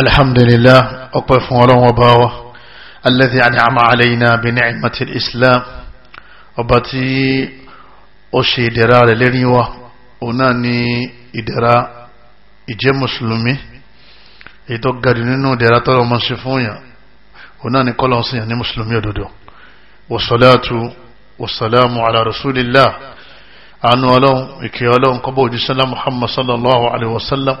الحمد لله أقف ولو وباوة الذي أنعم علينا بنعمة الإسلام وباتي أشي درار لنيوة وناني إدراء ìjẹ́ mùsùlùmí èyí tó ga jù nínú ìdẹ̀ra tọ́lọ ọmọ sí fún yàn òun náà ni kọ́lọ̀ sí yàn ní mùsùlùmí òdodo wàsálàtù wàsálàmù ala rasulillah àánú ọlọ́run ìkẹ́ ọlọ́run kọ́bọ̀ òjísọ́lá muhammad sallallahu alaihi wasallam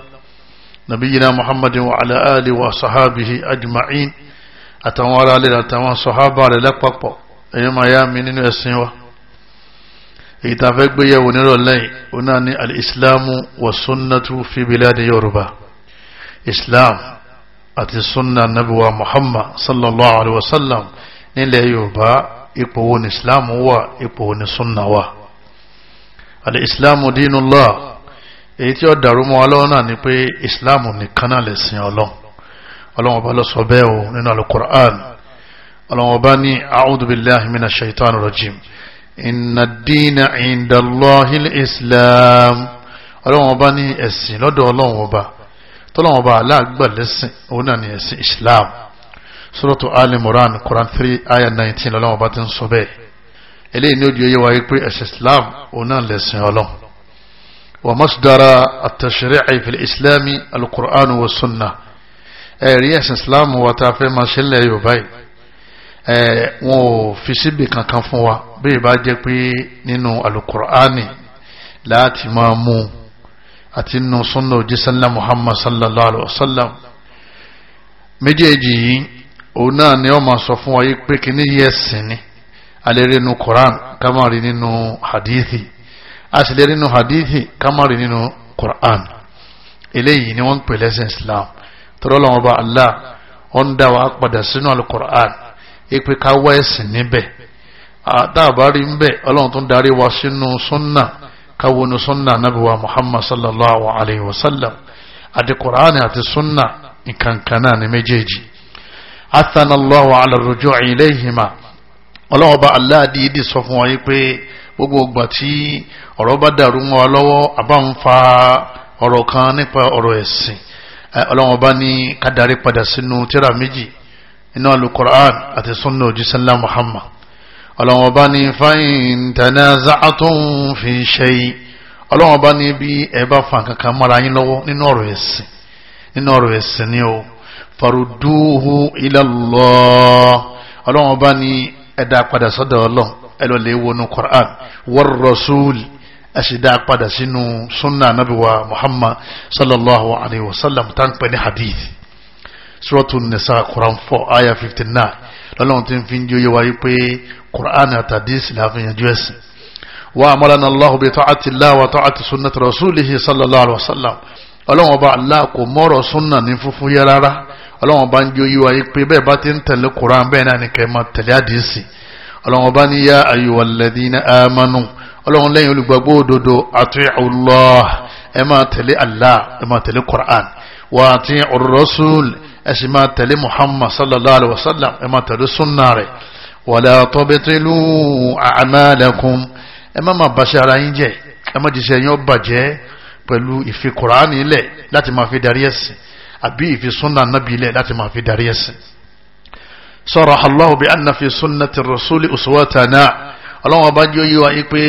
نبينا محمد وعلى آله وصحابه أجمعين أتوان على آله أتوان صحابة على لقبق أيما يا منين يسنوا ìtàfẹ́gbé yẹ̀wò nírọ̀ lẹ́yìn ó náà ní al'islamu wa sunnatu fi biladi yorùbá islam àti sunna nabuwa muhammad sallallahu alaihi wasallam nílẹ̀ yorùbá ipò wo ni islam wà ipò wo ni sunna wà al'islamu dínúlá èyí tí ó dàrú mọ́ wa lọ́wọ́ náà ni pé islam nìkan náà lè sin ọlọ́run ọlọ́run ọba ló sọ bẹ́ẹ̀ o nínú alukur'an ọlọ́run ọba ní a'udhu billahi mina shaitan rajim inna ad-dina inda Allahi al-islam ọlọ́run ọba ní ẹ̀sìn lọ́dọ̀ ọlọ́run ọba tọ́lọ́run ọba aláàgbà lẹ́sìn òun náà ni ẹ̀sìn islam suratu ali moran quran three aya nineteen ọlọ́run ọba ti ń sọ bẹ́ẹ̀ eléyìí ní ojú oyé wa yí pé ẹ̀sìn islam òun náà lẹ̀sìn ọlọ́run ومصدر التشريع في الإسلام القرآن والسنة ẹ̀rí ẹ̀sìn islam wa ta fẹ́ máa ṣe ńlẹ̀ yorùbá yìí ẹ̀ wọn ò fi síbi kankan fún wa bí ìbá jẹ́ pé nínú alukur'ani láti máa mú àti nínú sunna òjísánlá muhammad sallallahu alaihi wasallam méjèèjì yìí òun náà ni wọ́n máa sọ fún wa yìí pé kí ní yẹ ẹ̀sìn ni alẹ́ rí nínú quran ká máa rí nínú hadithi a sì lè rí nínú hadithi kamari nínú Qur'an eléyìí ni wọ́n ń pè lẹ́sìn Islam tọ́lọ́ lọ́wọ́ bá Allah ó ń dá wa padà sínú al-Qur'an ipe ká wá ẹ̀sìn níbẹ̀ àtàbárí níbẹ̀ ọlọ́run tó ń darí wa sínú sunna káwọnù sunna nabi wa Muhammad sallallahu alayhi wa sallam àti Qur'an àti sunna nǹkankan náà ni méjèèjì athanallahu ala rujuu ilayhima ọlọ́run bá Allah dìídì sọ fún wa yìí pé. gbogbo ìgbà tí ọ̀rọ̀ bá dàrú mọ́ wa lọ́wọ́ ọ̀rọ̀ kan nípa ọ̀rọ̀ ẹ̀sìn ọlọ́wọ́n ọba ní kádàrí padà sínú tíra méjì inú alukur'an àti sunna muhammad ọlọ́wọ́n ọba ní fa'in tanaza'tum fi ní bí ẹ kankan yín lọ́wọ́ nínú ọ̀rọ̀ ẹ̀sìn nínú ọ̀rọ̀ ẹ̀sìn ni o farudúhu ila ní ẹlọ lè wọnú Qur'an war rasul ẹ̀sìdá padà sínú sunna anabiwa Muhammad sallallahu alayhi wa sallam tá n hadith suratun nisa Qur'an 4 aya 59 lọ́lọ́run tí ń fi ń jóyè wáyé pé Qur'an àti láàfin yanjú ẹ̀sìn وأمرنا الله بطاعة الله وطاعة سنة رسوله صلى الله عليه وسلم ọlọ́wọ́n bá Allah kò mọ́rọ̀ súnà ní funfun yẹ rárá ọlọ́wọ́n bá ń jó yíwa yí pé bẹ́ẹ̀ bá ti ń tẹ̀lé koran bẹ́ẹ̀ náà ni kẹ́ máa tẹ̀lé àdìsí ọlọ́run bá ní yá ayyuhal ladhina amanu ọlọ́run lẹ́yìn olùgbàgbọ́ òdodo ati'u Allah ẹ máa tẹ̀lé Allah ẹ máa tẹ̀lé Qur'an wa ati'ur rasul ẹ sì máa tẹ̀lé Muhammad sallallahu alaihi wasallam ẹ máa tẹ̀lé sunna rẹ̀ wala tubtilu a'malakum ẹ má máa bàṣẹ ara yín jẹ́ ẹ má jìṣẹ́ yín ó bàjẹ́ pẹ̀lú ìfi Qur'an ilẹ̀ láti máa fi darí ẹ̀sìn àbí ìfi sunna nàbí ilẹ̀ láti máa fi darí ẹ̀sìn صرح الله بأن في سنة الرسول أسوتنا ọlọ́wọ́n bá jẹ́ yíwa yí pé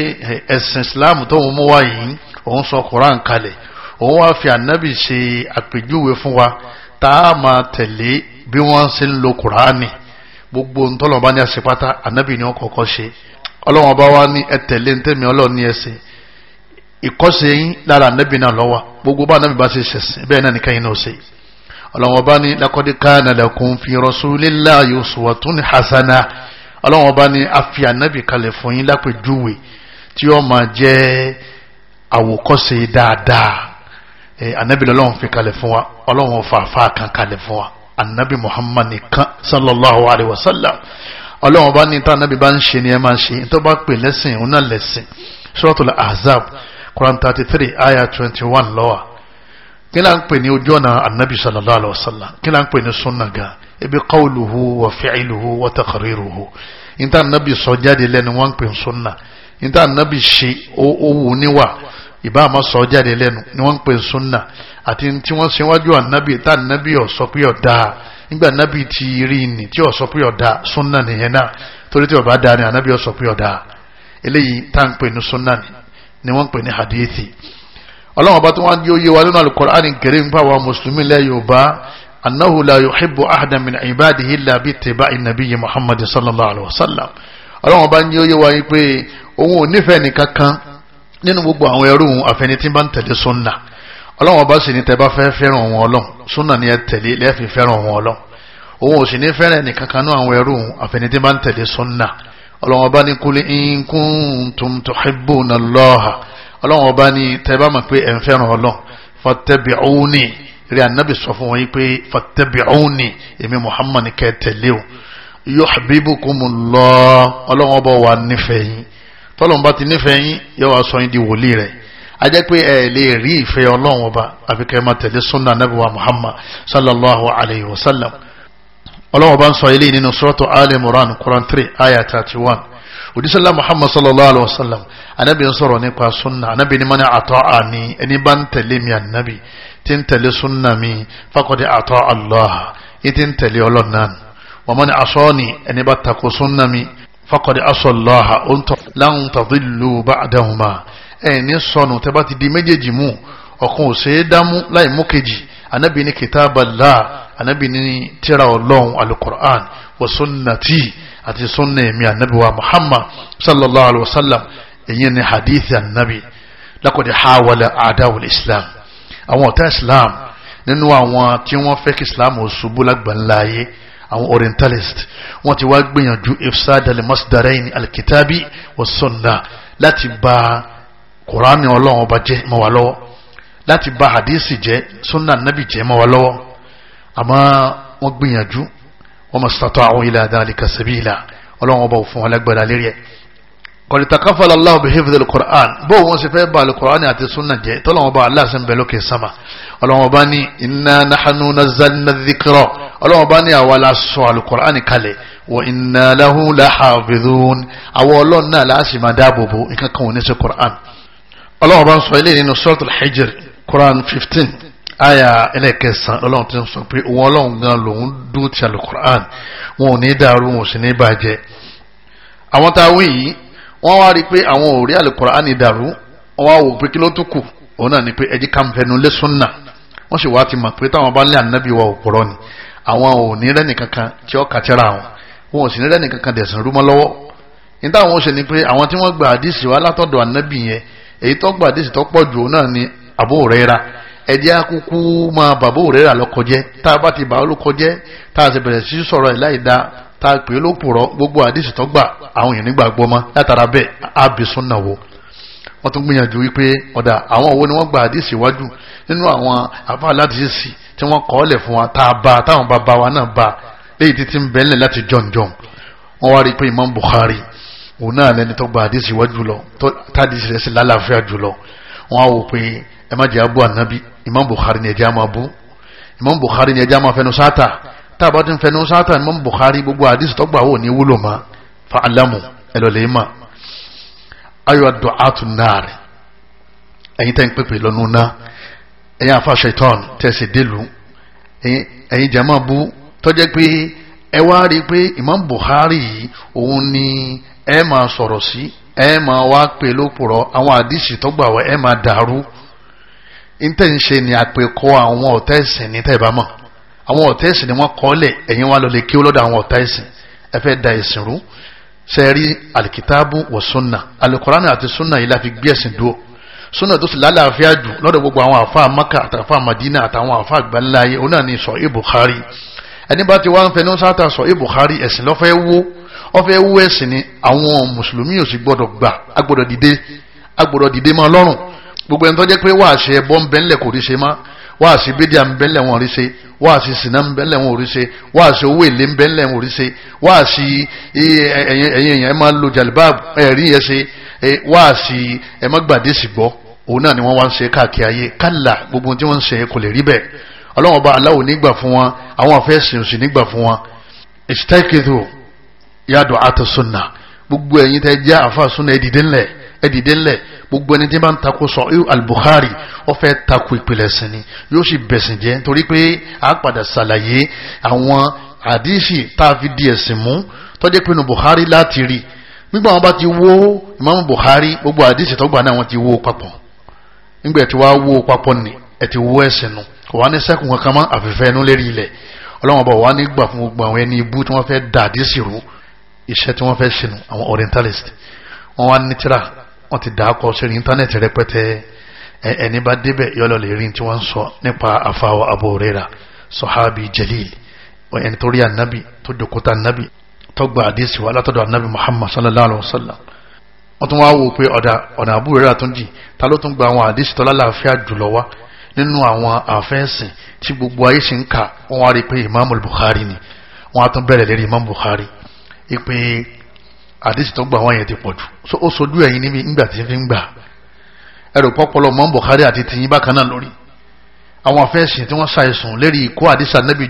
ẹ̀sìn islam tó ń mú wá yìí òun sọ koran kalẹ̀ òun wá fi ànábì ṣe àpèjúwe fún wa tá a máa tẹ̀lé bí wọ́n ṣe ń lo korani gbogbo ntọ́lọ̀ bá ní àṣepátá ànábì ni wọ́n kọ́kọ́ ṣe ọlọ́wọ́n bá wá ní ẹtẹ̀lé ntẹ́mi ọlọ́ọ̀ ní ẹsẹ̀ ìkọ́sẹ̀ yín lára ànábì náà lọ́wọ́ gbogbo bá ànábì bá ṣe ṣẹ̀sìn bẹ́ẹ̀ náà nìkan yín náà ṣe yìí ọlọ́wọ́n bá ní lakọ́dí káànà lakum fi rasulillahi uswatun hasana ọlọ́wọ́n bá ní afi ànábì kalẹ̀ fún yín lápèjúwe tí ó máa jẹ́ àwòkọ́ṣe dáadáa ànábì lọ́wọ́n fi kalẹ̀ fún wa ọlọ́wọ́n fàáfà kan kalẹ̀ fún wa ànábì muhammad nìkan sallallahu alayhi wa sallam ọlọ́wọ́n bá ní tá ànábì bá ń ṣe ni ẹ máa ṣe nítorí bá pè lẹ́sìn òun náà lẹ́sìn suratul ahzab quran thirty three ayah twenty one lọ́wọ́ kí la ń pè ní ojú ọ̀nà anabi sallallahu alayhi wa sallam kí la ń pè ní sunna gan ebi qawluhu wa fi'luhu wa taqriruhu níta anabi sọ jáde lẹ́nu wọ́n ń pè ní sunna níta anabi ṣe owó níwà ìbá àmọ́ sọ jáde lẹ́nu ni wọ́n ń pè ní sunna àti tí wọ́n ṣe wájú anabi tá anabi ọ̀ sọ pé ọ̀dà nígbà anabi ti rí ni tí ọ̀ pé ọ̀dà sunna nìyẹn náà torí tí ọba dáa ni anabi ọ̀ pé ọ̀dà eléyìí tá ń pè ní sunna ni wọ́n ń pè ní hadithi ọlọ́run ọba tó wá yóò yé wa nínú alukur'an karim fáwọn mùsùlùmí lẹ́ yorùbá annahu la yuhibbu ahadan min ibadihi illa bi tiba'i nabiyyi muhammad sallallahu alaihi wasallam ọlọ́run ọba yóò yé wa yìí pé òun ò nífẹ̀ẹ́ nìkan kan nínú gbogbo àwọn ẹrú òun àfẹnití bá ń tẹ̀lé sunna ọlọ́run ọba sì ní tẹ́ bá fẹ́ fẹ́ràn òun ọlọ́run sunna ni ẹ tẹ̀lé lẹ́ẹ̀fì fẹ́ràn òun ọlọ́run òun ò sì ní fẹ́ràn ní ọlọ́run ọba ní tẹ́bá mọ̀ pé ẹ̀ń fẹ́ràn ọlọ́ fattabi'uni rí ànábì sọ fún wọn yìí pé fattabi'uni èmi Muhammad kẹ́ tẹ̀lé o yuhbibkumullah ọlọ́run ọba wà nífẹ̀ẹ́ yín tọ́lọ́run bá ti nífẹ̀ẹ́ yín yóò wá sọ yín di wòlíì rẹ̀ a jẹ́ pé ẹ lè rí ìfẹ́ ọlọ́run ọba àfi kẹ́ máa tẹ̀lé sunna ànábì wa Muhammad sallallahu alayhi wa sallam ọlọ́run ọba ń sọ eléyìí nínú suratu Ali Imran Quran three òdísọ́lá muhammad sallallahu alayhi wa sallam anabi ń sọ̀rọ̀ nípa sunna anabi ni mani àtọ́ àní ẹni bá ń tẹ̀lé mi anabi tí ń tẹ̀lé sunna mi fakọ̀dé àtọ́ allah yìí tí ń tẹ̀lé ọlọ́run náà wọ́n mani aṣọ́ ni tako sunna mi fakọ̀dé aṣọ allah ọ̀ntọ́ láwùn tàdílù bá àdáhùnmá ẹni sọnù di méjèèjì mú ọ̀kan ò ṣeé dámú láì mú anabi ni kitaballah anabi ni tírà ọlọ́run alukur'an wa sunnati àti sunna èmi ànábì wa muhammad sallallahu alayhi wa sallam èyí ni hadith ànábì lakodi hawala adawul islam àwọn ọ̀tá islam nínú àwọn tí wọ́n fẹ́ kí islam ó ṣubú lágbàláyé àwọn orientalist wọ́n ti wá gbìyànjú ifsadal masdarain alkitabi wa sunna láti ba kùránì ọlọ́run ọba jẹ́ mọ́ wa lọ́wọ́ láti ba hadisi jẹ́ sunna nabi jẹ́ mọ́ wa lọ́wọ́ àmọ́ wọ́n gbìyànjú wa mastata'u ila dhalika sabila ọlọ́run ọba òfin alágbára lérí ẹ̀ kọ̀lìtàkàfàlà aláwọ̀ bí hifdil qur'an bó wọn sì fẹ́ bá alukur'an àti sunna jẹ́ tọ́lọ́wọ́n bá aláṣẹ ń bẹ lókè sama ọlọ́wọ́n bá ní inna nahanu nazzalna dhikra ọlọ́wọ́n bá ní àwa la sọ alukur'an kalẹ̀ wa inna lahu lahafidhun àwa ọlọ́run náà láàṣì máa dáàbò bo nǹkan kan wọn ní sí qur'an ọlọ́wọ́n bá ń sọ ilé nínú suratul hijr qur'an fifteen aya ẹlẹ́kẹsàn lọ́lọ́run ti ń sọ pé òun ọlọ́run gan lòun dúró ti alukur'an wọn ò ní dàrú wọn ò sì ní bàjẹ́ àwọn tá a wí yìí wọ́n wá rí i pé àwọn ò rí alukur'an dàrú wọ́n wá wò pé kí ló tún kù òun náà ni pé ẹjí ká ń fẹnu lé súnà wọ́n sì wá ti mọ̀ pé táwọn bá ń lé ànábì wa òpùrọ̀ ni àwọn ò ní rẹ́nì kankan tí ó kàtẹ́ra àwọn wọn ò sì ní rẹ́nì kankan dẹ̀sìn rúmọ́ lọ́wọ́ ní táwọn ó ni pé àwọn tí wọ́n gba àdìsí wa látọ̀dọ̀ ànábì yẹn èyí tó gba àdìsí tó pọ̀ jù òun náà ni Abu Huraira ẹ̀jẹ̀ akúkú máa bàbá òrèrà lọ́kọjẹ́ tá a bá ti bàá lọ́kọjẹ́ tá a sì bẹ̀rẹ̀ sí sọ̀rọ̀ ẹ̀ láì dáa tá a pè é lópùrọ̀ gbogbo àdìsí tó gbà àwọn èèyàn nígbà gbọ́ mọ́ látara bẹ́ẹ̀ àbẹ̀sùn náà wò wọ́n tún gbìyànjú wípé ọ̀dà àwọn owó ni wọ́n gba àdìsí iwájú nínú àwọn àbá aládìsí tí wọ́n kọ́ ọ́lẹ̀ fún wa tá a bá táwọn bàbá wa náà bá léyìí títí ń bẹ́ẹ̀lẹ̀ láti jọ̀njọ̀n wọ́n wá rí pé Imam buhari, òun náà lẹni tó gba àdìsí iwájú lọ tádìsí rẹ̀ sì lálàáfíà jùlọ wọ́n á wò pé ẹ má jẹ́ abú anabi imam bukhari ni ẹjẹ́ máa bú imam bukhari ni ẹjẹ́ máa fẹnu sáta tá a bá ti ń fẹnu sáta imam bukhari gbogbo àdìsí tọ́gbà wò ní wúlò ma fa alamu ẹ lọ lè ma ayọ̀ àdùn àtúnáàrẹ̀ ẹ̀yin tẹ́ ń pèpè lọ́nu náà ẹ̀yin afa ṣetán tẹ̀sí délùú ẹ̀yin jama bu tọ́jẹ́ pé ẹ wá rí i pé Imam Bukhari yìí òun ni ẹ máa sọ̀rọ̀ sí ẹ máa wá pè lópùrọ̀ àwọn àdìsí tọ́gbà wọ ẹ máa dàrú ntẹ̀ ń ṣe ni àpèkọ àwọn ọ̀tá ẹ̀sìn ní tẹ̀bá mọ̀ àwọn ọ̀tá ẹ̀sìn ni wọ́n kọ́ lẹ̀ ẹ̀yin wa lọ lè kí ó lọ́dọ̀ àwọn ọ̀tá ẹ̀sìn ẹ fẹ́ da ẹ̀sìn rú ṣe alikitaabu wa sunna alukorani àti sunna yìí la fi gbé ẹ̀sìn dúró sunna tó sì lálàáfíà jù lọ́dọ̀ gbogbo àwọn àfa maka àtàfà madina àtàwọn àfa àgbáńlá ayé ni sọ é bukhari ẹni bá ti wá ń fẹnu sáta sọ é bukhari ẹ̀sìn lọ́fẹ́ wó ọfẹ́ wó ẹ̀sìn ni àwọn mùsùlùmí ò sì gbọ́dọ̀ gbà agbọ́dọ̀ dìde agbọ́dọ̀ dìde mọ́ ọlọ́run gbogbo ẹni tó jẹ́ pé wáàsí ẹbọ ń bẹ́ńlẹ̀ kò rí ṣe má wáàsí bídíà ń bẹ́ńlẹ̀ wọn rí ṣe wáàsí sinna ń bẹ́ńlẹ̀ wọn rí ṣe wáàsí owó èlé ń bẹ́ńlẹ̀ wọn rí ṣe wáàsí ẹ̀yin èèyàn ẹ máa lo jàlibáàbù ẹ̀rí yẹn ṣe wáàsí ẹ má gbàdé sì gbọ́ òun náà ni wọ́n wá ń ṣe káàkiri ayé kálà gbogbo tí wọ́n ń ṣe kò lè rí bẹ́ẹ̀ ọlọ́wọ́n bá aláwo nígbà fún wọn àwọn afẹ́sìn ẹdìdẹ ńlẹ gbogbo ẹni tí bá ń takò sọ al-Bukhari ó fẹ́ takò ìpìlẹ̀ ẹ̀sìn ni yóò sì bẹ̀sìn jẹ́ torí pé a padà ṣàlàyé àwọn àdìsí tá a fi di ẹ̀sìn mú tọ́jú pinnu Bukhari láti rí nígbà wọn bá ti wó Imam Bukhari gbogbo àdìsí tọ́gbà náà wọ́n ti wó papọ̀ nígbà tí wàá wó papọ̀ ni ẹ̀ ti wó ẹ̀sìn nu kò wá ní sẹ́kùn kankan mọ́ àfẹ́fẹ́ inú lérí ilẹ̀ ọlọ́wọ́n bọ̀ wá nígbà fún gbogbo àwọn ẹni ibú orientalist wọ́n wá ní wọ́n ti dàákọ sórí íńtánẹ́ẹ̀tì rẹpẹtẹ ẹni bá débẹ̀ yọlọ lè rí tí wọ́n ń sọ nípa àfàwọ̀ Abu Hurairah sọ̀hábì jalil ẹni tó rí ànábì tó jòkóta ànábì tó àdísì wà látọ̀dọ̀ ànábì Muhammad sallallahu alayhi wa sallam wọ́n tún wá wò pé ọ̀dà ọ̀nà Abu Hurairah tún jì ta ló tún gba àwọn àdísì tó lálàáfíà jùlọ wá nínú àwọn àfẹ́sìn Bukhari ni wọ́n á Imam Bukhari ipe àdìsí tó gbà wọ́n yẹn ti pọ̀ jù ó sojú ẹ̀yin níbi ńgbà tí fi ń gbà ẹ̀rọ pọ́pọ́lọ́ mọ́ bọ̀kárí àti tìyín bákan náà lórí àwọn afẹ́sìn tí wọ́n ṣàìsùn lérí ìkó àdìsá nẹ́bí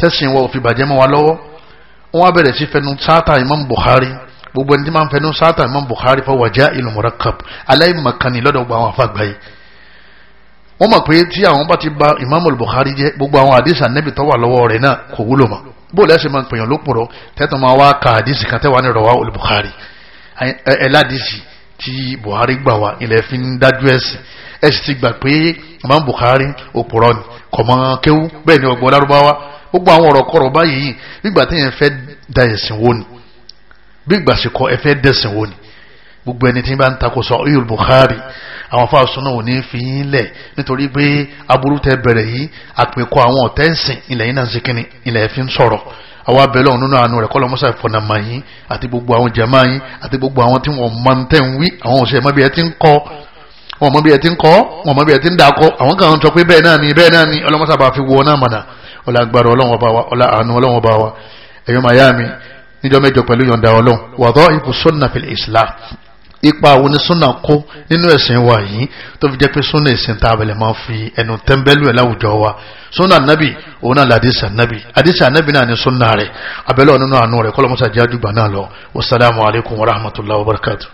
tẹ̀sìn wọ òfin bàjẹ́ mọ́ wa lọ́wọ́ wọ́n wá bẹ̀rẹ̀ sí fẹnu sáátà Imam Bukhari gbogbo ẹni tí máa ń fẹnu sáátà Imam Bukhari fọ wàjá ìlú murakkab aláìmọ̀kànnì lọ́dọ̀ gba àwọn afágbá yìí wọ́n mọ̀ ti ba Imam Bukhari jẹ́ gbogbo àwọn àdìsá nẹ́bí tó wà lọ́wọ́ rẹ̀ bó lẹ́sìn máa ń pèyàn lópùrọ́ tẹ́tàn máa wá ka àdìsí kan tẹ́wàá ní rọ̀wá olùbùkárì ẹ̀ládìsí tí Buhari gbà wá ilẹ̀ fi ń dájú ẹ̀sìn ẹ̀sìn ti gbà pé Imam Buhari òpùrọ́ ni kọ̀mọ́ kéwú bẹ́ẹ̀ ni ọgbọ́n lárúbáwá gbogbo àwọn ọ̀rọ̀ kọ̀rọ̀ báyìí nígbà téèyàn fẹ́ da ẹ̀sìn wò ni bí ìgbà sì kọ́ ẹ fẹ́ dẹ̀sìn wò ni gbogbo ẹni tí bá ń takò sọ ọyọ Bukhari àwọn afa sọnà ò ní fi yín lẹ nítorí pé aburú tẹ bẹ̀rẹ̀ yìí àpèkọ àwọn ọtẹǹsìn ilẹ̀ yìí náà ń sikini ilẹ̀ fi ń sọ̀rọ̀ àwa abẹ́lẹ̀ ọ̀hún nínú àánú rẹ̀ kọ́lọ́ mọ́sá ìfọ̀nàmà yín àti gbogbo àwọn jàmáà yín àti gbogbo àwọn tí wọ́n máa ń ń wí àwọn òṣèré mọ́bí ẹ ti ń kọ́ wọn mọ bí ẹ ti ń kọ wọn mọ bí ẹ ti ń dakọ àwọn kan ń sọ pé bẹ́ẹ̀ náà ni bẹ́ẹ̀ náà ni ọlọmọsá bá fi wọ náà mọnà ọlá ipa àwọn onísúnà kó nínú ẹ̀sìn wa yìí tó fi jẹ́ pé súnà ìsìn tá a bẹ̀lẹ̀ máa fi ẹnu tẹ́ḿbẹ́lú ẹ̀ láwùjọ wa súnà nábì òun náà làdísà nábì àdísà nábì náà ní súnà rẹ̀ abẹ́lẹ́ ọ̀nínú àánú rẹ̀ kọ́lọ́mọ́sá jáde gbà náà lọ wasalaamu alaykum wa rahmatulahi wa barakatuh.